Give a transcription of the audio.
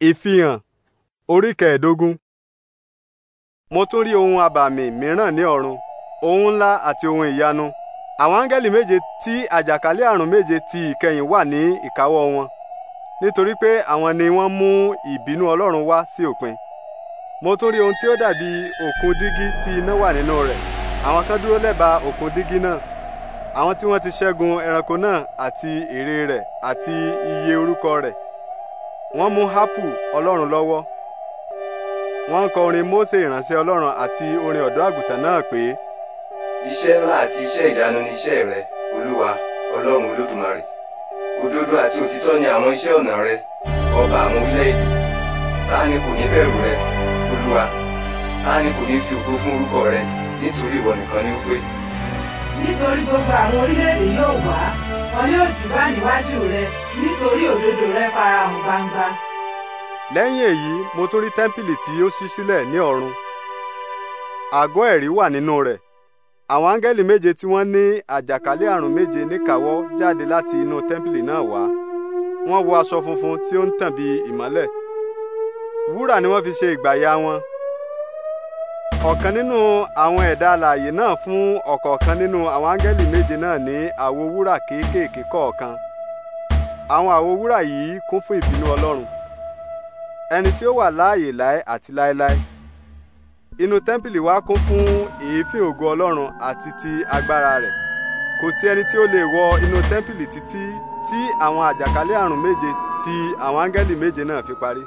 ìfihàn orí kẹẹ̀ẹ́dógún. mo tún rí ohun abàmì mìíràn ní ọ̀run ohun ńlá àti ohun ìyanu àwọn áńgẹ́lì méje tí àjàkálẹ̀ àrùn méje ti ìkẹyìn wà ní ìkáwọ́ wọn nítorí pé àwọn ni wọ́n mú ìbínú ọlọ́run wá sí òpin mo tún rí ohun tí ó dàbí òkun dígí tí iná wà nínú rẹ̀ àwọn kan dúró lẹ́bàá òkun dígí náà àwọn tí wọ́n ti ṣẹ́gun ẹranko náà àti ère rẹ̀ àti iye orúkọ rẹ̀ wọ́n mú hápù ọlọ́run lọ́wọ́ wọ́n ń kọ orin Mósè ìránṣẹ́ ọlọ́run àti orin ọ̀dọ́ àgùntàn náà pé. iṣẹ́ ńlá àti iṣẹ́ ìyanu ni iṣẹ́ rẹ olúwa ọlọ́run olódùmarè òdodo àti òtítọ́ ni àwọn iṣẹ́ ọ̀nà rẹ ọba àwọn orílẹ̀-èdè ta ni kò ní bẹ̀rù rẹ olúwa ta ni kò ní fi ògo fún orúkọ rẹ nítorí ìwọ nìkan ni ó pé. nítorí gbogbo àwọn orílẹ̀-èdè yóò wá wọn yóò júbà níwájú rẹ nítorí òdodo rẹ farahàn gbangba. lẹ́yìn èyí mo tún rí tẹ́ḿpìlì tí ó ṣí sílẹ̀ ní ọ̀run àgọ́ ẹ̀rí wà nínú rẹ̀ àwọn áńgẹ́lì méje tí wọ́n ní àjàkálẹ̀ àrùn méje níkàáwọ́ jáde láti inú tẹ́ḿpìlì náà wá wọ́n wọ aṣọ funfun tí ó ń tàn bí ìmọ́lẹ̀ wúrà ni wọ́n fi ṣe ìgbàyà wọn ọ̀kan nínú àwọn ẹ̀dá alààyè náà fún ọ̀kọ̀ọ̀kan nínú àwọn áńgẹ́lì méje náà ní àwo wúrà kéékèèké kọ̀ọ̀kan àwọn àwo wúrà yìí kún fún ìbínú ọlọ́run ẹni tí ó wà láàyè láé àti láéláé inú tẹ́ḿpìlì wa kún fún èéfín ògo ọlọ́run àti ti agbára rẹ̀ kò sí ẹni tí ó lè wọ inú tẹ́ḿpìlì títí tí àwọn àjàkálẹ̀ àrùn méje ti àwọn áńgẹ́lì méje náà fi parí.